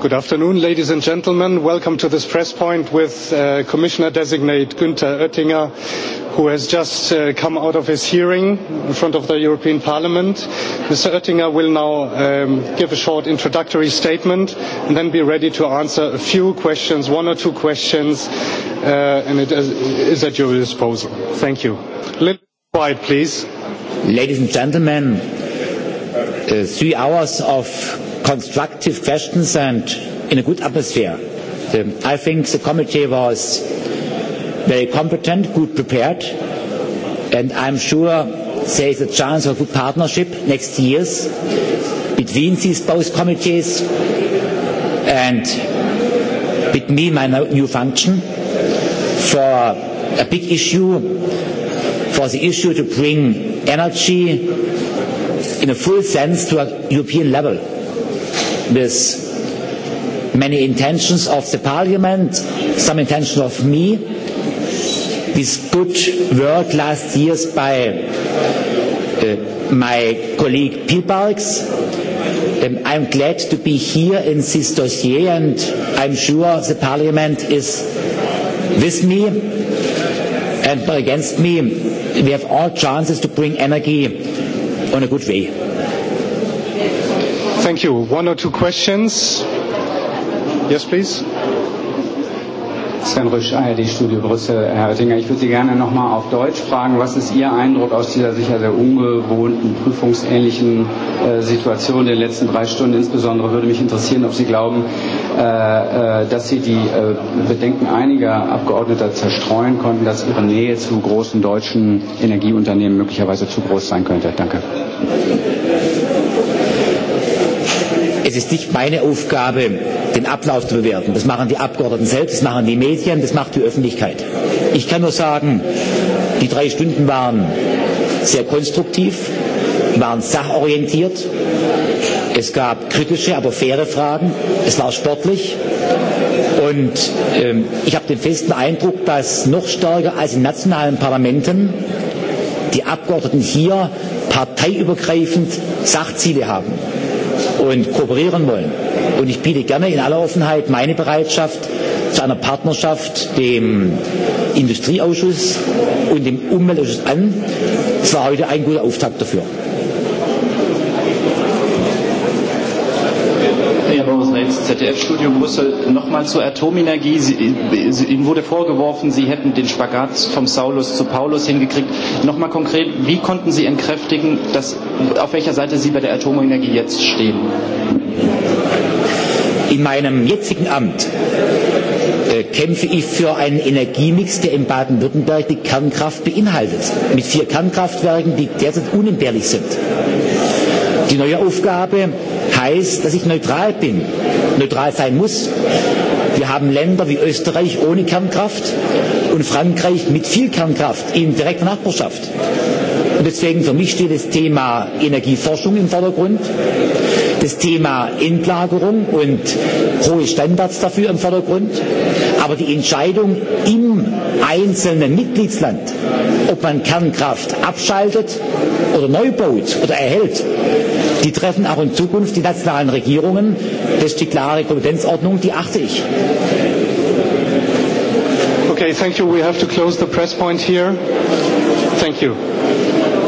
Good afternoon, ladies and gentlemen. Welcome to this press point with Commissioner-designate Günther Oettinger, who has just come out of his hearing in front of the European Parliament. Mr. Oettinger will now give a short introductory statement and then be ready to answer a few questions, one or two questions, and it is at your disposal. Thank you. Little quiet, please. Ladies and gentlemen, three hours of constructive questions and in a good atmosphere. I think the committee was very competent, good prepared, and I'm sure there is a chance for good partnership next years between these both committees and with me, my new function, for a big issue, for the issue to bring energy in a full sense to a European level with many intentions of the Parliament, some intentions of me. This good work last year by my colleague Piebalgs. I I'm glad to be here in this dossier and I'm sure the Parliament is with me and against me. We have all chances to bring energy on a good way. Thank you. One or two questions? Yes, please. Sven Rüsch, ARD Studio Brüssel. Herr Oettinger, ich würde Sie gerne nochmal auf Deutsch fragen. Was ist Ihr Eindruck aus dieser sicher sehr ungewohnten, prüfungsähnlichen Situation der letzten drei Stunden? Insbesondere würde mich interessieren, ob Sie glauben, dass Sie die Bedenken einiger Abgeordneter zerstreuen konnten, dass Ihre Nähe zu großen deutschen Energieunternehmen möglicherweise zu groß sein könnte. Danke. Es ist nicht meine Aufgabe, den Ablauf zu bewerten. Das machen die Abgeordneten selbst, das machen die Medien, das macht die Öffentlichkeit. Ich kann nur sagen, die drei Stunden waren sehr konstruktiv, waren sachorientiert. Es gab kritische, aber faire Fragen. Es war sportlich. Und ich habe den festen Eindruck, dass noch stärker als in nationalen Parlamenten die Abgeordneten hier parteiübergreifend Sachziele haben und kooperieren wollen. Und ich biete gerne in aller Offenheit meine Bereitschaft zu einer Partnerschaft dem Industrieausschuss und dem Umweltausschuss an. Es war heute ein guter Auftakt dafür. ZDF-Studio Brüssel. Nochmal zur Atomenergie. Ihnen wurde vorgeworfen, Sie hätten den Spagat vom Saulus zu Paulus hingekriegt. Nochmal konkret, wie konnten Sie entkräftigen, dass, auf welcher Seite Sie bei der Atomenergie jetzt stehen? In meinem jetzigen Amt kämpfe ich für einen Energiemix, der in Baden-Württemberg die Kernkraft beinhaltet. Mit vier Kernkraftwerken, die derzeit unentbehrlich sind. Die neue Aufgabe heißt, dass ich neutral bin neutral sein muss. Wir haben Länder wie Österreich ohne Kernkraft und Frankreich mit viel Kernkraft in direkter Nachbarschaft. Und deswegen für mich steht das Thema Energieforschung im Vordergrund, das Thema Endlagerung und hohe Standards dafür im Vordergrund, aber die Entscheidung im einzelnen Mitgliedsland, ob man Kernkraft abschaltet oder neu baut oder erhält, die treffen auch in Zukunft die nationalen Regierungen. Das ist die klare Kompetenzordnung, die achte ich. Okay, thank you. We have to close the press point here. Thank you.